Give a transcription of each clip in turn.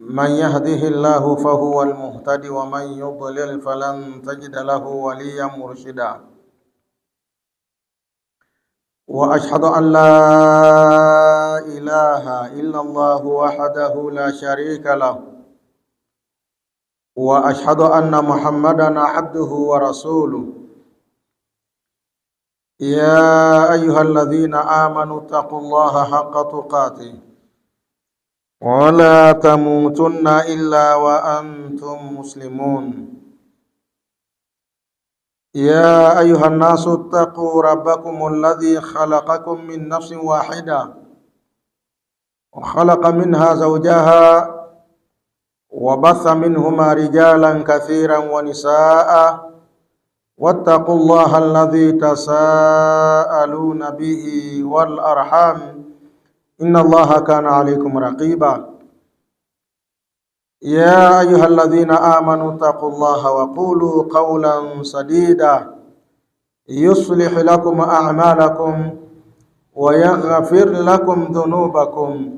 من يهده الله فهو المهتد ومن يضلل فلن تجد له وليا مرشدا واشهد ان لا اله الا الله وحده لا شريك له واشهد ان محمدا عبده ورسوله يا ايها الذين امنوا اتقوا الله حق تقاته ولا تموتن إلا وأنتم مسلمون يا أيها الناس اتقوا ربكم الذي خلقكم من نفس واحدة وخلق منها زوجها وبث منهما رجالا كثيرا ونساء واتقوا الله الذي تساءلون به والأرحام إن الله كان عليكم رقيبا يا أيها الذين آمنوا اتقوا الله وقولوا قولا سديدا يصلح لكم أعمالكم ويغفر لكم ذنوبكم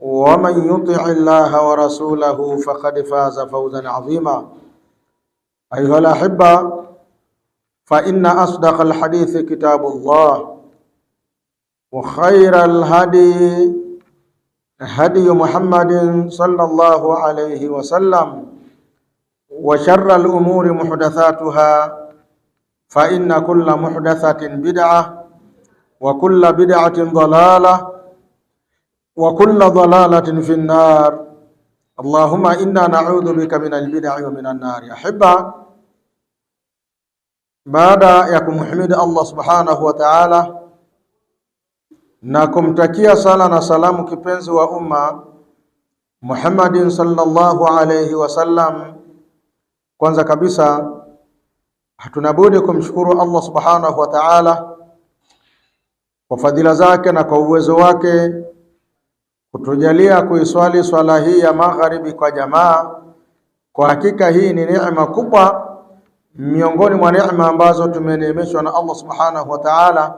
ومن يطع الله ورسوله فقد فاز فوزا عظيما أيها الأحبة فإن أصدق الحديث كتاب الله وخير الهدي هدي محمد صلى الله عليه وسلم وشر الأمور محدثاتها فإن كل محدثة بدعة وكل بدعة ضلالة وكل ضلالة في النار اللهم إنا نعوذ بك من البدع ومن النار أحبة بعد يكون محمد الله سبحانه وتعالى na kumtakia sala na salamu kipenzi wa umma Muhammadin sallallahu alayhi wasallam. Kwanza kabisa hatunabudi kumshukuru Allah subhanahu wa ta'ala kwa fadhila zake na kwa uwezo wake kutujalia kuiswali swala hii ya magharibi kwa jamaa. Kwa hakika hii ni neema kubwa miongoni mwa neema ambazo tumeneemeshwa na Allah subhanahu wa ta'ala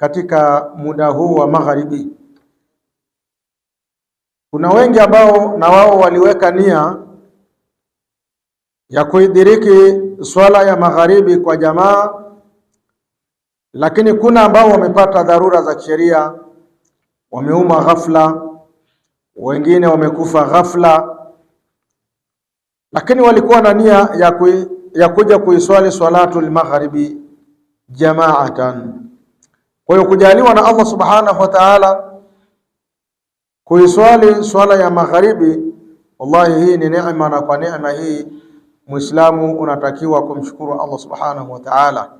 katika muda huu wa magharibi. Kuna wengi ambao na wao waliweka nia ya kuidiriki swala ya magharibi kwa jamaa, lakini kuna ambao wamepata dharura za kisheria, wameumwa ghafla, wengine wamekufa ghafla, lakini walikuwa na nia ya, kui, ya kuja kuiswali swalatul magharibi jamaatan kwa hiyo kujaliwa na Allah subhanahu wa ta'ala kuiswali swala ya magharibi, wallahi hii ni neema, na kwa neema hii Muislamu unatakiwa kumshukuru Allah subhanahu wa ta'ala.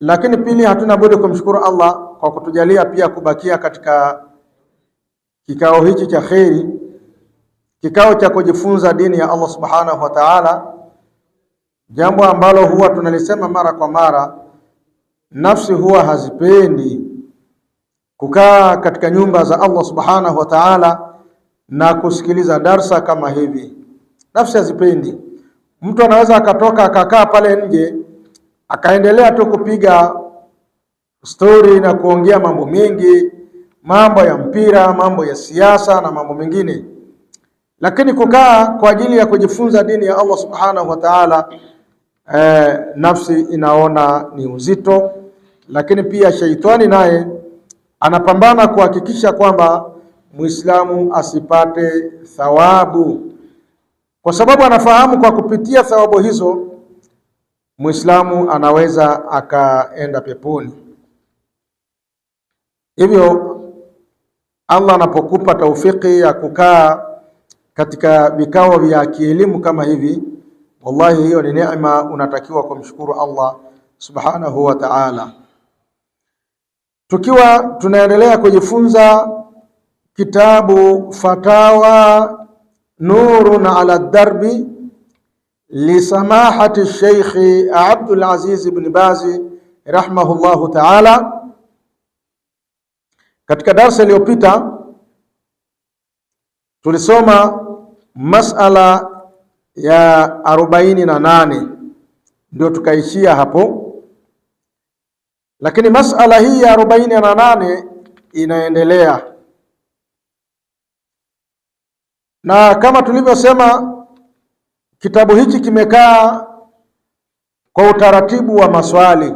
Lakini pili, hatuna budi kumshukuru Allah kwa kutujalia pia kubakia katika kikao hichi cha kheri, kikao cha kujifunza dini ya Allah subhanahu wa ta'ala, jambo ambalo huwa tunalisema mara kwa mara Nafsi huwa hazipendi kukaa katika nyumba za Allah subhanahu wa ta'ala na kusikiliza darsa kama hivi. Nafsi hazipendi. Mtu anaweza akatoka akakaa pale nje akaendelea tu kupiga stori na kuongea mambo mengi, mambo ya mpira, mambo ya siasa na mambo mengine, lakini kukaa kwa ajili ya kujifunza dini ya Allah subhanahu wa ta'ala, eh, nafsi inaona ni uzito lakini pia sheitani naye anapambana kuhakikisha kwamba Muislamu asipate thawabu, kwa sababu anafahamu kwa kupitia thawabu hizo Muislamu anaweza akaenda peponi. Hivyo Allah anapokupa taufiki ya kukaa katika vikao vya kielimu kama hivi, wallahi hiyo ni neema, unatakiwa kumshukuru Allah subhanahu wa ta'ala. Tukiwa tunaendelea kujifunza kitabu Fatawa Nurun ala Darbi lisamahati Sheikhi Abdul Aziz ibn Baz rahimahullahu taala. Katika darsa iliyopita tulisoma masala ya arobaini na nane ndio tukaishia hapo. Lakini masala hii ya arobaini na nane inaendelea, na kama tulivyosema, kitabu hichi kimekaa kwa utaratibu wa maswali.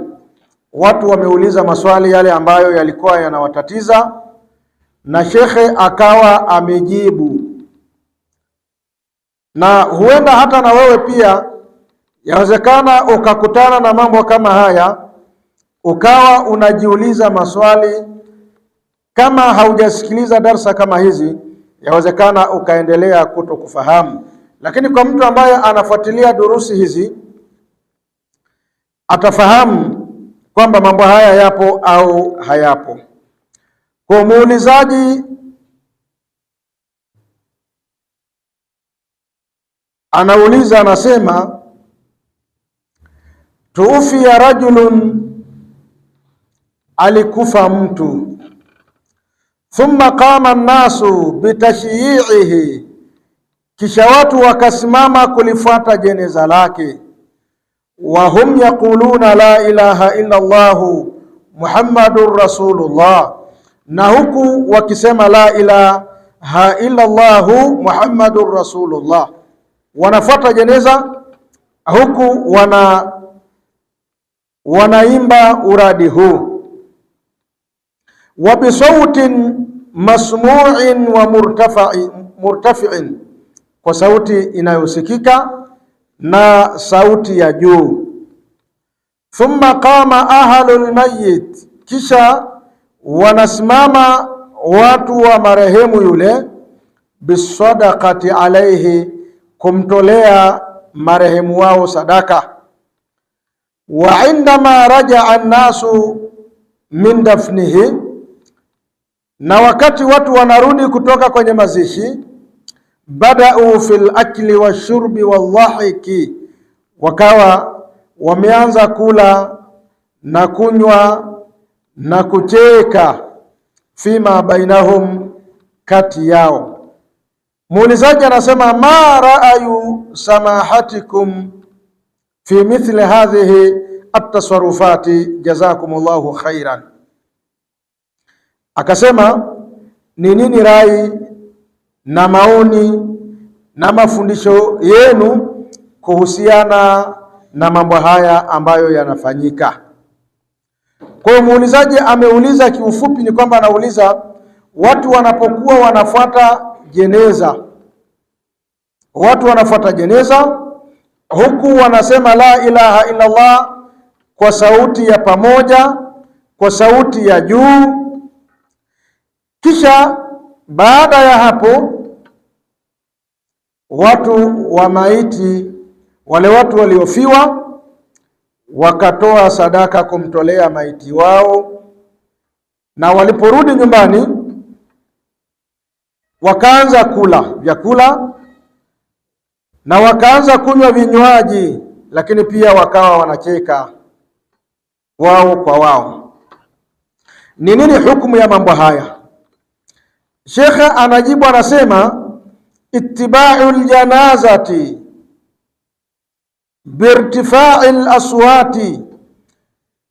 Watu wameuliza maswali yale ambayo yalikuwa yanawatatiza na shekhe akawa amejibu, na huenda hata na wewe pia yawezekana ukakutana na mambo kama haya ukawa unajiuliza maswali, kama haujasikiliza darsa kama hizi, yawezekana ukaendelea kuto kufahamu. Lakini kwa mtu ambaye anafuatilia durusi hizi atafahamu kwamba mambo haya yapo au hayapo. Kwa muulizaji anauliza, anasema tuufia rajulun alikufa mtu. Thumma qama nnasu bitashyiihi, kisha watu wakasimama kulifuata jeneza lake. wa hum yaquluna la ilaha illa llahu muhammadun rasulullah, na huku wakisema la ilaha illa llahu muhammadun rasulullah, wanafuata jeneza huku wana wanaimba uradi huu wa bisautin masmuin wa murtafain, murtafiin, kwa sauti inayosikika na sauti ya juu. Thumma qama ahlul mayyit, kisha wanasimama watu wa marehemu yule, bisadaqati alayhi, kumtolea marehemu wao sadaka. Wa indama rajaa an-nasu min dafnihi na wakati watu wanarudi kutoka kwenye mazishi, badau fil akli washurbi wadhahiki, wakawa wameanza kula na kunywa na kucheka, fima bainahum, kati yao. Muulizaji anasema ma raayu samahatikum fi mithli hadhihi ataswarufati jazakumullahu khairan Akasema ni nini rai na maoni na mafundisho yenu kuhusiana na mambo haya ambayo yanafanyika. Kwa hiyo muulizaji ameuliza, kiufupi ni kwamba anauliza watu wanapokuwa wanafuata jeneza, watu wanafuata jeneza huku wanasema la ilaha illallah kwa sauti ya pamoja, kwa sauti ya juu kisha baada ya hapo watu wa maiti, wale watu waliofiwa wakatoa sadaka kumtolea maiti wao, na waliporudi nyumbani wakaanza kula vyakula na wakaanza kunywa vinywaji, lakini pia wakawa wanacheka wao kwa wao. Ni nini hukumu ya mambo haya? Shekhe anajibu anasema, ittibau ljanazati birtifai laswati,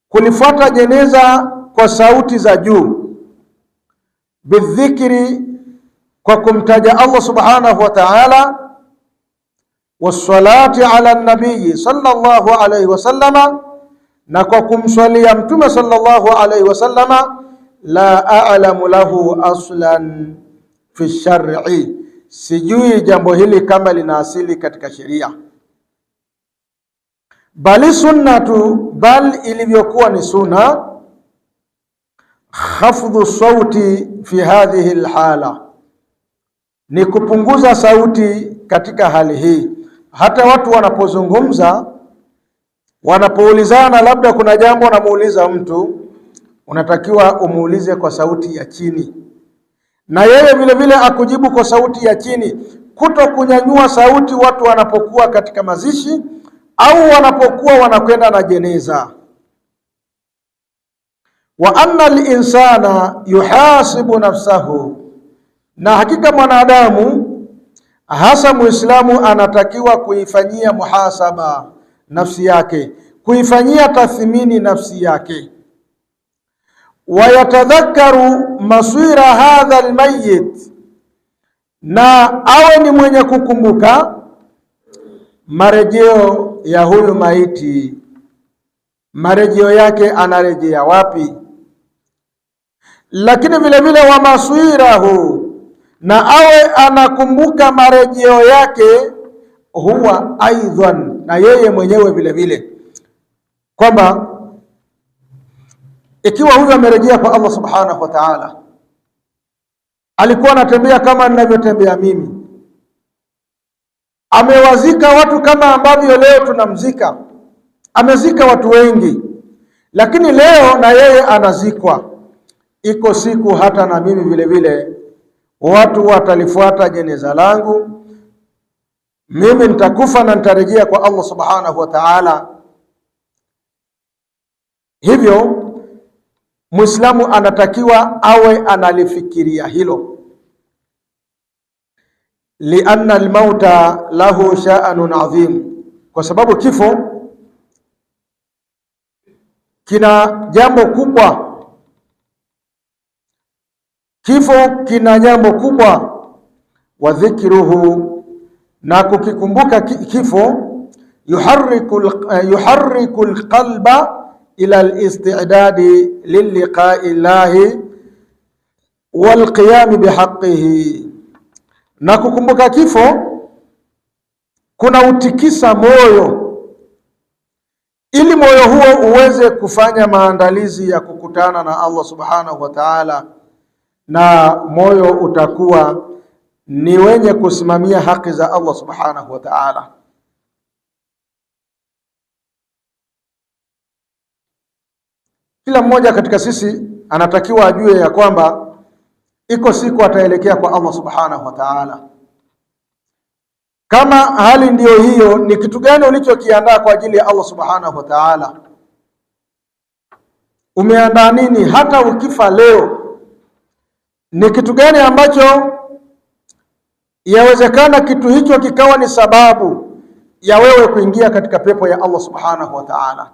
kulifuata jeneza kwa sauti za juu, bidhikri, kwa kumtaja Allah subhanahu wa ta'ala, wassalati ala nabiyi sallallahu alayhi wasallama, na kwa kumswalia mtume sallallahu alayhi wasallama la a'lamu lahu aslan fi shar'i, sijui jambo hili kama lina asili katika sheria. Bali sunnatu, bal ilivyokuwa ni sunna, khafdhu sauti fi hadhihi lhala, ni kupunguza sauti katika hali hii. Hata watu wanapozungumza, wanapoulizana, labda kuna jambo wanamuuliza mtu unatakiwa umuulize kwa sauti ya chini, na yeye vile vile akujibu kwa sauti ya chini, kuto kunyanyua sauti watu wanapokuwa katika mazishi au wanapokuwa wanakwenda na jeneza. Wa anna linsana yuhasibu nafsahu, na hakika mwanadamu hasa Muislamu anatakiwa kuifanyia muhasaba nafsi yake, kuifanyia tathmini nafsi yake wayatadhakaru maswira hadha almayit, na awe ni mwenye kukumbuka marejeo ya huyu maiti. Marejeo yake anarejea wapi? Lakini vilevile wa maswirahu, na awe anakumbuka marejeo yake huwa aidhan, na yeye mwenyewe vilevile kwamba ikiwa huyu amerejea kwa Allah subhanahu wa ta'ala, alikuwa anatembea kama ninavyotembea mimi, amewazika watu kama ambavyo leo tunamzika, amezika watu wengi, lakini leo na yeye anazikwa. Iko siku hata na mimi vile vile watu watalifuata jeneza langu, mimi nitakufa na nitarejea kwa Allah subhanahu wa ta'ala. Hivyo Muislamu anatakiwa awe analifikiria hilo, lianna almauta lahu sha'anun adhim, kwa sababu kifo kina jambo kubwa. Kifo kina jambo kubwa, wa dhikruhu, na kukikumbuka kifo yuharriku alqalba ila listidadi liliqai llahi walqiyami bihaqihi, na kukumbuka kifo kuna utikisa moyo ili moyo huo uweze kufanya maandalizi ya kukutana na Allah subhanahu wa ta'ala, na moyo utakuwa ni wenye kusimamia haki za Allah subhanahu wa ta'ala. Kila mmoja katika sisi anatakiwa ajue ya kwamba iko siku ataelekea kwa Allah subhanahu wa ta'ala. Kama hali ndiyo hiyo, ni kitu gani ulichokiandaa kwa ajili ya Allah subhanahu wa ta'ala? Umeandaa nini? Hata ukifa leo, ni kitu gani ambacho yawezekana kitu hicho kikawa ni sababu ya wewe kuingia katika pepo ya Allah subhanahu wa ta'ala?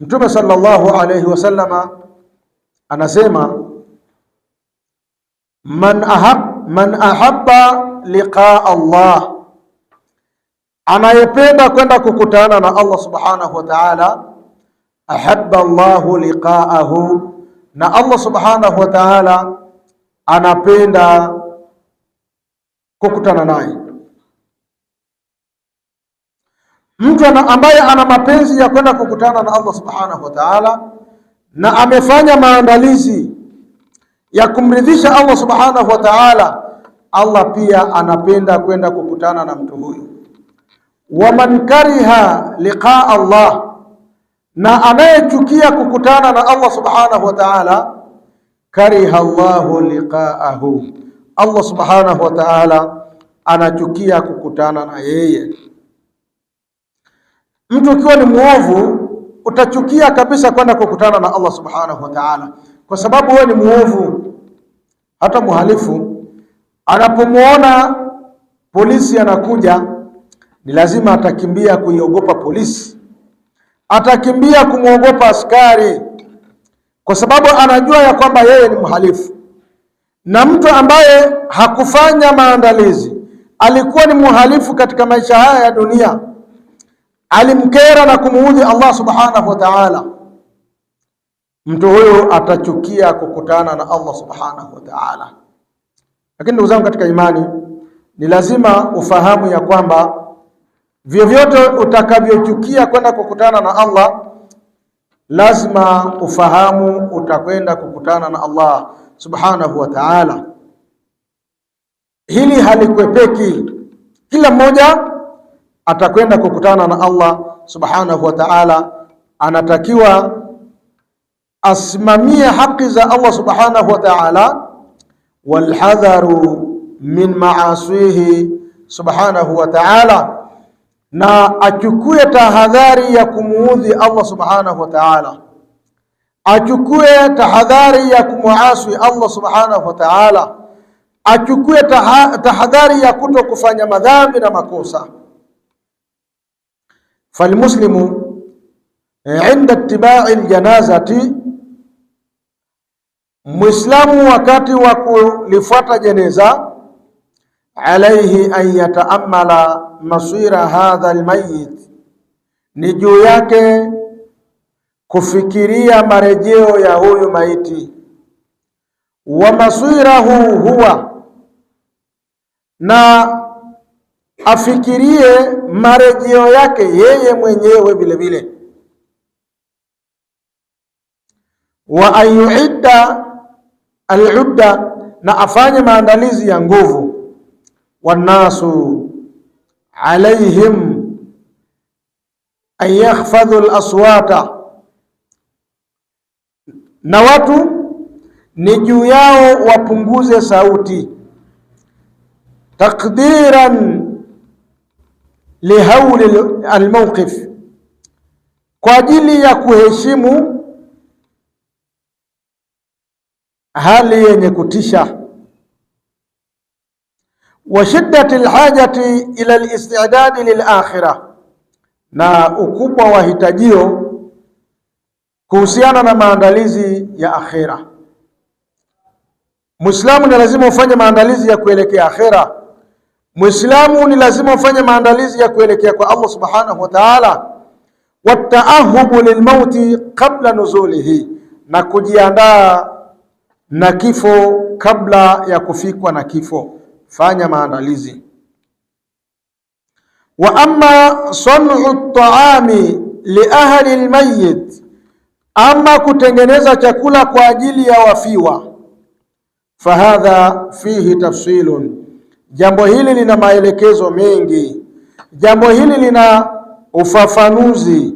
Mtume sallallahu alayhi wasallama anasema man ahab, man ahabba liqa Allah, anayependa kwenda kukutana na Allah subhanahu wa ta'ala, ahabba Allahu liqaahu, na Allah subhanahu wa ta'ala anapenda kukutana naye. mtu ambaye ana mapenzi ya kwenda kukutana na Allah subhanahu wa ta'ala, na amefanya maandalizi ya kumridhisha Allah subhanahu wa ta'ala, Allah pia anapenda kwenda kukutana na mtu huyu. Waman kariha liqa Allah, na anayechukia kukutana na Allah subhanahu wa ta'ala, kariha Allahu liqaahu, Allah subhanahu wa ta'ala anachukia kukutana na yeye. Mtu ukiwa ni muovu utachukia kabisa kwenda kukutana na Allah subhanahu wa ta'ala, kwa sababu wewe ni muovu. Hata muhalifu anapomwona polisi anakuja, ni lazima atakimbia kuiogopa polisi, atakimbia kumwogopa askari, kwa sababu anajua ya kwamba yeye ni mhalifu. Na mtu ambaye hakufanya maandalizi, alikuwa ni muhalifu katika maisha haya ya dunia alimkera na kumuudhi Allah subhanahu wa ta'ala, mtu huyo atachukia kukutana na Allah subhanahu wa ta'ala. Lakini ndugu zangu katika imani, ni lazima ufahamu ya kwamba vyovyote utakavyochukia kwenda kukutana na Allah, lazima ufahamu utakwenda kukutana na Allah subhanahu wa ta'ala. Hili halikwepeki, kila mmoja atakwenda kukutana na Allah subhanahu wa ta'ala, anatakiwa asimamie haki za Allah subhanahu wa ta'ala, walhadharu min maasihi subhanahu wa ta'ala, na achukue tahadhari ya kumuudhi Allah subhanahu wa ta'ala, achukue tahadhari ya kumuasi Allah subhanahu wa ta'ala, achukue tahadhari ya kuto kufanya madhambi na makosa falmuslimu inda tibai aljanazati mwislamu wakati wa kulifuata jeneza, alaihi an yataamala masira hadha almayit, ni juu yake kufikiria marejeo ya huyu maiti. Wa masirahu huwa na afikirie marejeo yake yeye mwenyewe vile vile, wa ayuidda aludda, na afanye maandalizi ya nguvu. Wannasu alaihim an yahfadhu laswata, na watu ni juu yao wapunguze sauti. Takdiran lihauli almawqif, kwa ajili ya kuheshimu hali yenye kutisha, wa shiddati alhajati ila alistidadi lilakhira, na ukubwa wa hitajio kuhusiana na maandalizi ya akhira. Muislamu ni lazima ufanye maandalizi ya kuelekea akhira Muislamu ni lazima ufanye maandalizi ya kuelekea kwa Allah subhanahu wa ta'ala, wataahubu lilmauti qabla nuzulihi, na kujiandaa na kifo kabla ya kufikwa na kifo. Fanya maandalizi. Wa amma sanu taami liahli lmayit, ama kutengeneza chakula kwa ajili ya wafiwa, fahadha fihi tafsilun Jambo hili lina maelekezo mengi, jambo hili lina ufafanuzi.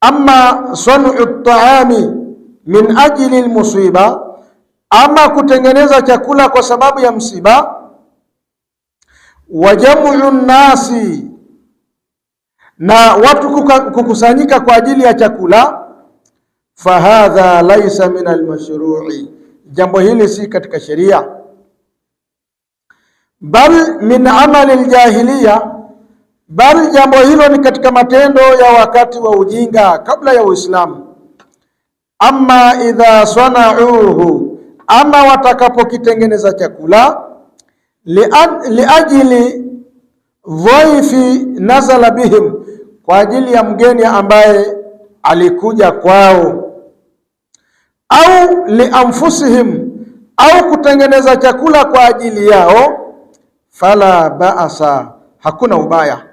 Ama sanu taami min ajli lmusiba, ama kutengeneza chakula kwa sababu ya msiba. Wa jamu nnasi, na watu kukusanyika kwa ajili ya chakula. Fahadha laisa min almashrui, jambo hili si katika sheria bal min amali aljahiliya, bal jambo hilo ni katika matendo ya wakati wa ujinga kabla ya Uislamu. Amma idha sanauhu, ama watakapokitengeneza chakula liajili dhaifi nazala bihim, kwa ajili ya mgeni ambaye alikuja kwao, au lianfusihim, au kutengeneza chakula kwa ajili yao fala ba'asa, hakuna ubaya.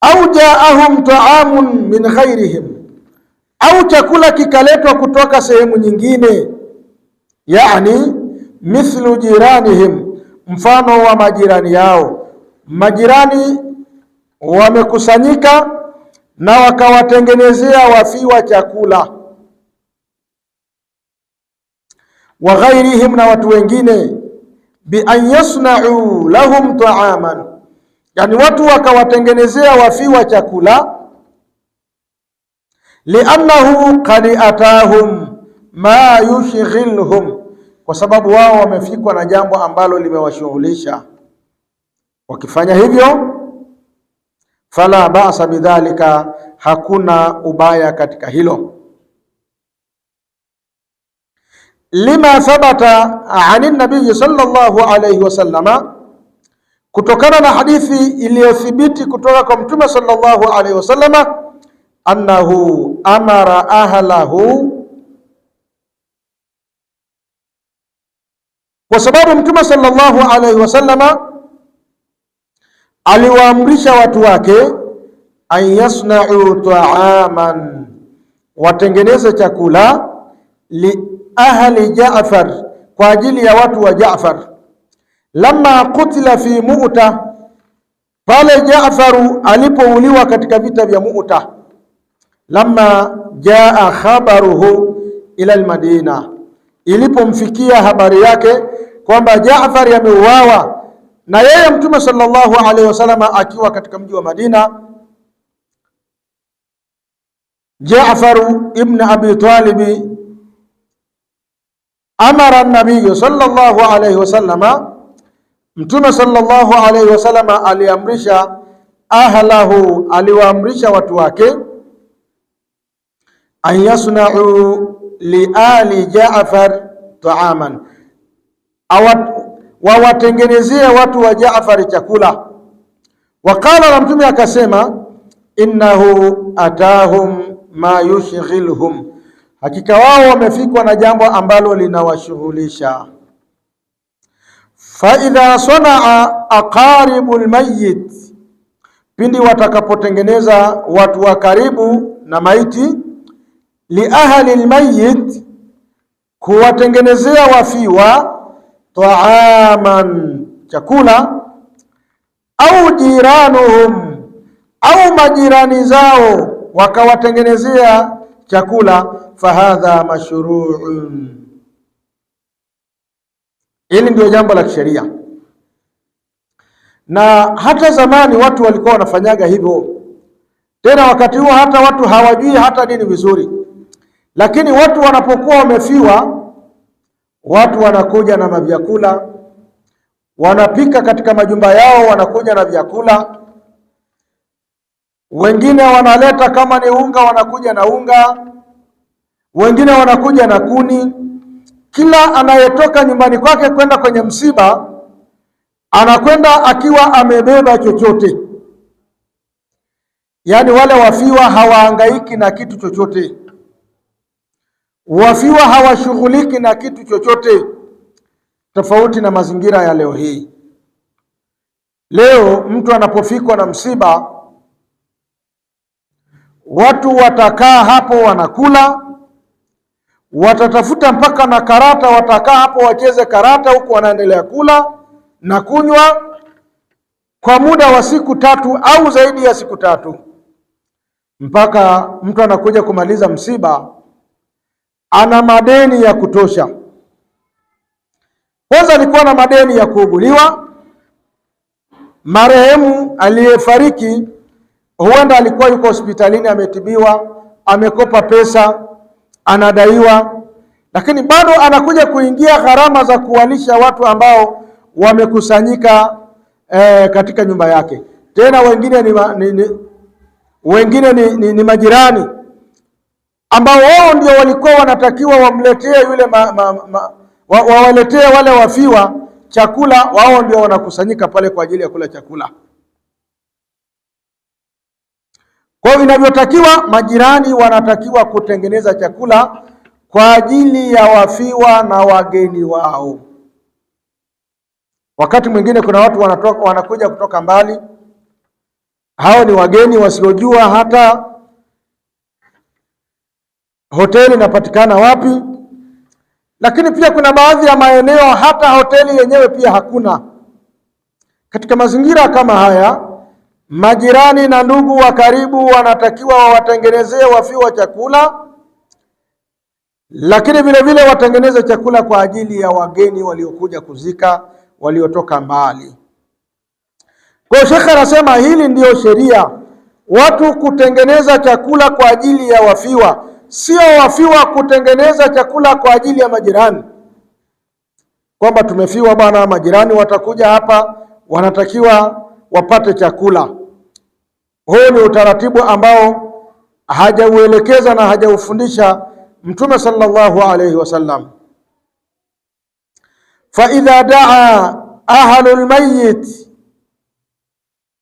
Au jaahum taamun min ghairihim, au chakula kikaletwa kutoka sehemu nyingine, yani mithlu jiranihim, mfano wa majirani yao. Majirani wamekusanyika na wakawatengenezea wafiwa chakula wa ghairihim, na watu wengine bi an yasna'u lahum ta'aman, yani watu wakawatengenezea wafiwa chakula. Liannahu qad atahum ma yushghilhum, kwa sababu wao wamefikwa na jambo ambalo limewashughulisha. Wakifanya hivyo, fala ba'sa bidhalika, hakuna ubaya katika hilo. lima thabata ani nabii sallallahu alayhi wasallama, kutokana na hadithi iliyothibiti kutoka kwa mtume sallallahu alayhi wasallama, annahu amara ahlahu, kwa sababu mtume sallallahu alayhi wasallama aliwaamrisha watu wake an yasna'u ta'aman, watengeneze chakula li ahli Jaafar, kwa ajili ya watu wa Jaafar. Lamma kutila fi Mu'ta, pale Jaafaru alipouliwa katika vita vya Mu'ta. Lamma jaa khabaruhu ila almadina, ilipomfikia habari yake kwamba Jaafari yameuawa na yeye Mtume sallallahu alaihi wasallam akiwa katika mji wa Madina. Jaafaru ibn Abi Talib amara nabiyu sallallahu alaihi wasallama, Mtume sallallahu alaihi wasallama aliamrisha, ahlahu, aliwaamrisha watu wake, an yasnau liali Jaafar taaman, wawatengenezee watu wa Jaafari chakula. Waqala na Mtume akasema, innahu atahum ma yushghiluhum Hakika wao wamefikwa na jambo ambalo linawashughulisha. Faidha sanaa aqaribu lmayit, pindi watakapotengeneza watu wa karibu na maiti. Liahli lmayit, kuwatengenezea wafiwa. Taaman, chakula. Au jiranuhum, au majirani zao wakawatengenezea chakula, fahadha mashruun, hili ndio jambo la kisheria. Na hata zamani watu walikuwa wanafanyaga hivyo, tena wakati huo hata watu hawajui hata dini vizuri, lakini watu wanapokuwa wamefiwa, watu wanakuja na mavyakula, wanapika katika majumba yao, wanakuja na vyakula wengine wanaleta kama ni unga, wanakuja na unga, wengine wanakuja na kuni. Kila anayetoka nyumbani kwake kwenda kwenye msiba anakwenda akiwa amebeba chochote, yaani wale wafiwa hawahangaiki na kitu chochote, wafiwa hawashughuliki na kitu chochote, tofauti na mazingira ya leo hii. Leo mtu anapofikwa na msiba Watu watakaa hapo wanakula, watatafuta mpaka na karata, watakaa hapo wacheze karata huku wanaendelea kula na kunywa kwa muda wa siku tatu au zaidi ya siku tatu, mpaka mtu anakuja kumaliza msiba, ana madeni ya kutosha. Kwanza alikuwa na madeni ya kuuguliwa. Marehemu aliyefariki Huenda alikuwa yuko hospitalini, ametibiwa, amekopa pesa, anadaiwa, lakini bado anakuja kuingia gharama za kuwalisha watu ambao wamekusanyika eh, katika nyumba yake. Tena wengine ni, ni, ni, wengine ni, ni, ni majirani ambao wao ndio walikuwa wanatakiwa wamletee yule ma, ma, ma, wawaletee wale wafiwa chakula. Wao ndio wanakusanyika pale kwa ajili ya kula chakula. Kwa hiyo inavyotakiwa, majirani wanatakiwa kutengeneza chakula kwa ajili ya wafiwa na wageni wao. Wakati mwingine kuna watu wanatoka, wanakuja kutoka mbali, hao ni wageni wasiojua hata hoteli inapatikana wapi. Lakini pia kuna baadhi ya maeneo hata hoteli yenyewe pia hakuna. Katika mazingira kama haya Majirani na ndugu wa karibu wanatakiwa wawatengenezee wafiwa chakula, lakini vile vile watengeneze chakula kwa ajili ya wageni waliokuja kuzika, waliotoka mbali. Kwa shekhe anasema hili ndiyo sheria, watu kutengeneza chakula kwa ajili ya wafiwa, sio wafiwa kutengeneza chakula kwa ajili ya majirani, kwamba tumefiwa bwana, majirani watakuja hapa, wanatakiwa wapate chakula. Huu ni utaratibu ambao hajauelekeza na hajaufundisha Mtume sallallahu alayhi wasallam. Fa idha daa ahlu lmayit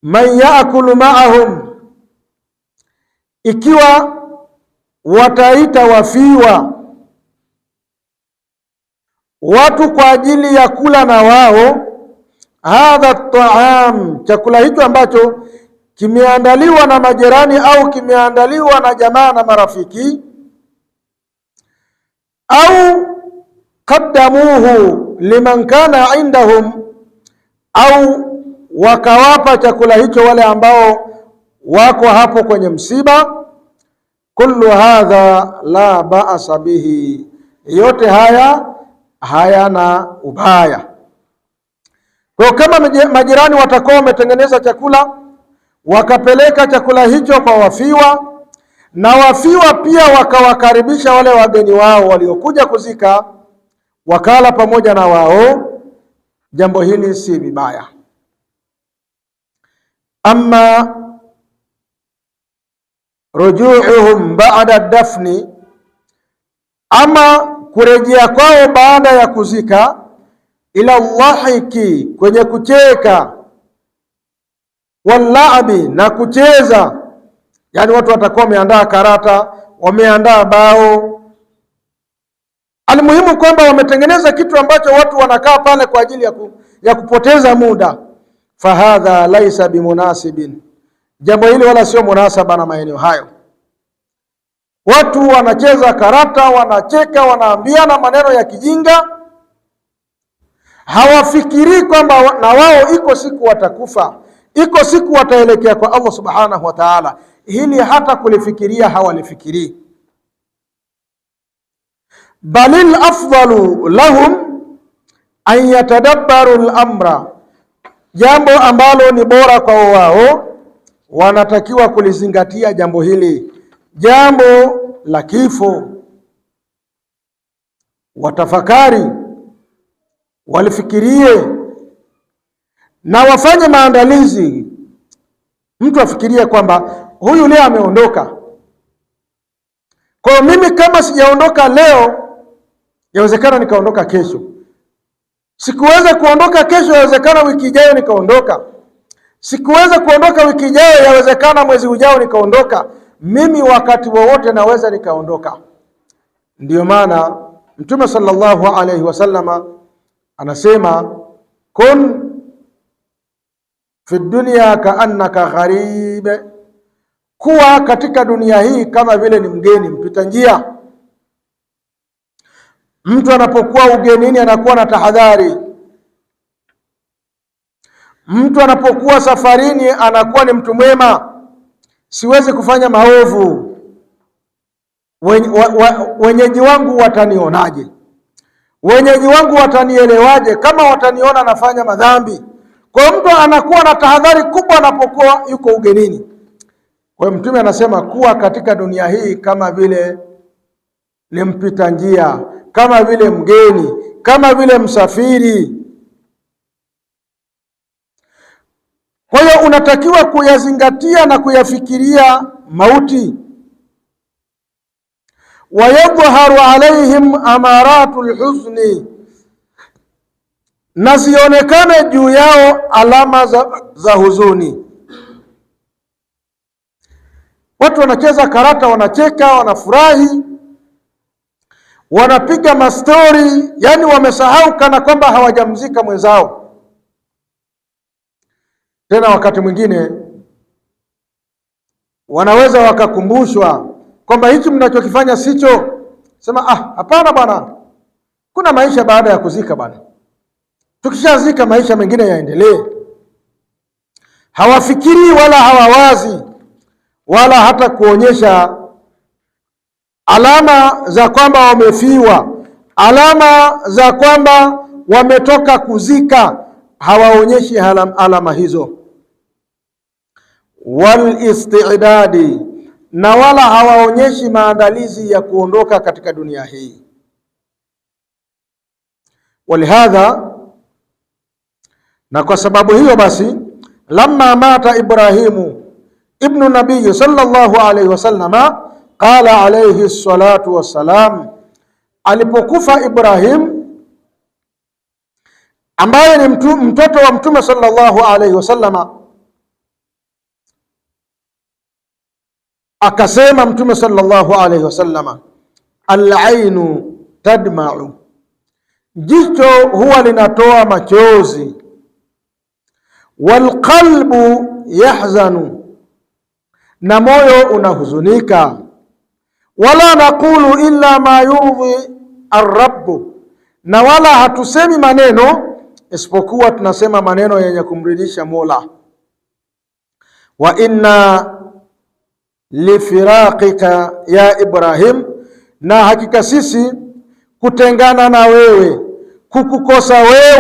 man yaakulu maahum, ikiwa wataita wafiwa watu kwa ajili ya kula na wao hadha taam, chakula hicho ambacho kimeandaliwa na majirani au kimeandaliwa na jamaa na marafiki, au qaddamuhu liman kana indahum, au wakawapa chakula hicho wale ambao wako hapo kwenye msiba. Kullu hadha la ba'sa bihi, yote haya hayana ubaya. Kwa hiyo kama majirani watakuwa wametengeneza chakula wakapeleka chakula hicho kwa wafiwa, na wafiwa pia wakawakaribisha wale wageni wao waliokuja kuzika, wakala pamoja na wao, jambo hili si vibaya. Amma rujuuhum baada dafni, ama kurejea kwao baada ya kuzika ila llahiki, kwenye kucheka, wallabi, na kucheza. Yani watu watakuwa wameandaa karata, wameandaa bao. Almuhimu kwamba wametengeneza kitu ambacho watu wanakaa pale kwa ajili ya, ku, ya kupoteza muda. Fahadha laisa bimunasibin, jambo hili wala sio munasaba na maeneo hayo. Watu wanacheza karata, wanacheka, wanaambiana maneno ya kijinga hawafikirii kwamba na wao iko siku watakufa, iko siku wataelekea kwa Allah subhanahu wa ta'ala. Hili hata kulifikiria hawalifikirii, bali lafdalu lahum an yatadabbaru al-amra, jambo ambalo ni bora kwa wao, wanatakiwa kulizingatia jambo hili, jambo la kifo, watafakari walifikirie na wafanye maandalizi. Mtu afikirie kwamba huyu leo ameondoka, kwa mimi kama sijaondoka leo, yawezekana nikaondoka kesho. Sikuweza kuondoka kesho, yawezekana wiki ijayo nikaondoka. Sikuweza kuondoka wiki ijayo, yawezekana mwezi ujao nikaondoka. Mimi wakati wowote naweza nikaondoka. Ndiyo maana Mtume sallallahu alaihi wasallama anasema kun fi dunya annaka gharib, kuwa katika dunia hii kama vile ni mgeni mpita njia. Mtu anapokuwa ugenini anakuwa na tahadhari. Mtu anapokuwa safarini anakuwa ni mtu mwema, siwezi kufanya maovu, wenyeji wangu watanionaje? wenyeji wangu watanielewaje kama wataniona nafanya madhambi? Kwa mtu anakuwa na tahadhari kubwa anapokuwa yuko ugenini. Kwa Mtume anasema kuwa katika dunia hii kama vile mpita njia, kama vile mgeni, kama vile msafiri. Kwa hiyo unatakiwa kuyazingatia na kuyafikiria mauti wayadhharu alaihim amaratu lhuzni, na zionekane juu yao alama za, za huzuni. Watu wanacheza karata, wanacheka, wanafurahi, wanapiga mastori, yani wamesahau kana kwamba hawajamzika mwenzao. Tena wakati mwingine wanaweza wakakumbushwa kwamba hichi mnachokifanya sicho. Sema ah, hapana bwana, kuna maisha baada ya kuzika bwana, tukishazika maisha mengine yaendelee. Hawafikiri wala hawawazi wala hata kuonyesha alama za kwamba wamefiwa, alama za kwamba wametoka kuzika, hawaonyeshi alama hizo. wal istidadi na wala hawaonyeshi maandalizi ya kuondoka katika dunia hii. Walihadha, na kwa sababu hiyo basi, lamma mata Ibrahimu ibnu nabiyi sallallahu alaihi wasallama qala alayhi salatu wassalam, alipokufa Ibrahim ambaye ni mtu, mtoto wa Mtume sallallahu alaihi wasallama Akasema Mtume sallallahu alaihi wasallama, alainu tadmau, jicho huwa linatoa machozi, walqalbu yahzanu, na moyo unahuzunika, wala naqulu illa ma yurdhi arrabbu na wala hatusemi maneno isipokuwa tunasema maneno yenye kumridhisha Mola. wa inna lifiraqika ya Ibrahim, na hakika sisi kutengana na wewe, kukukosa wewe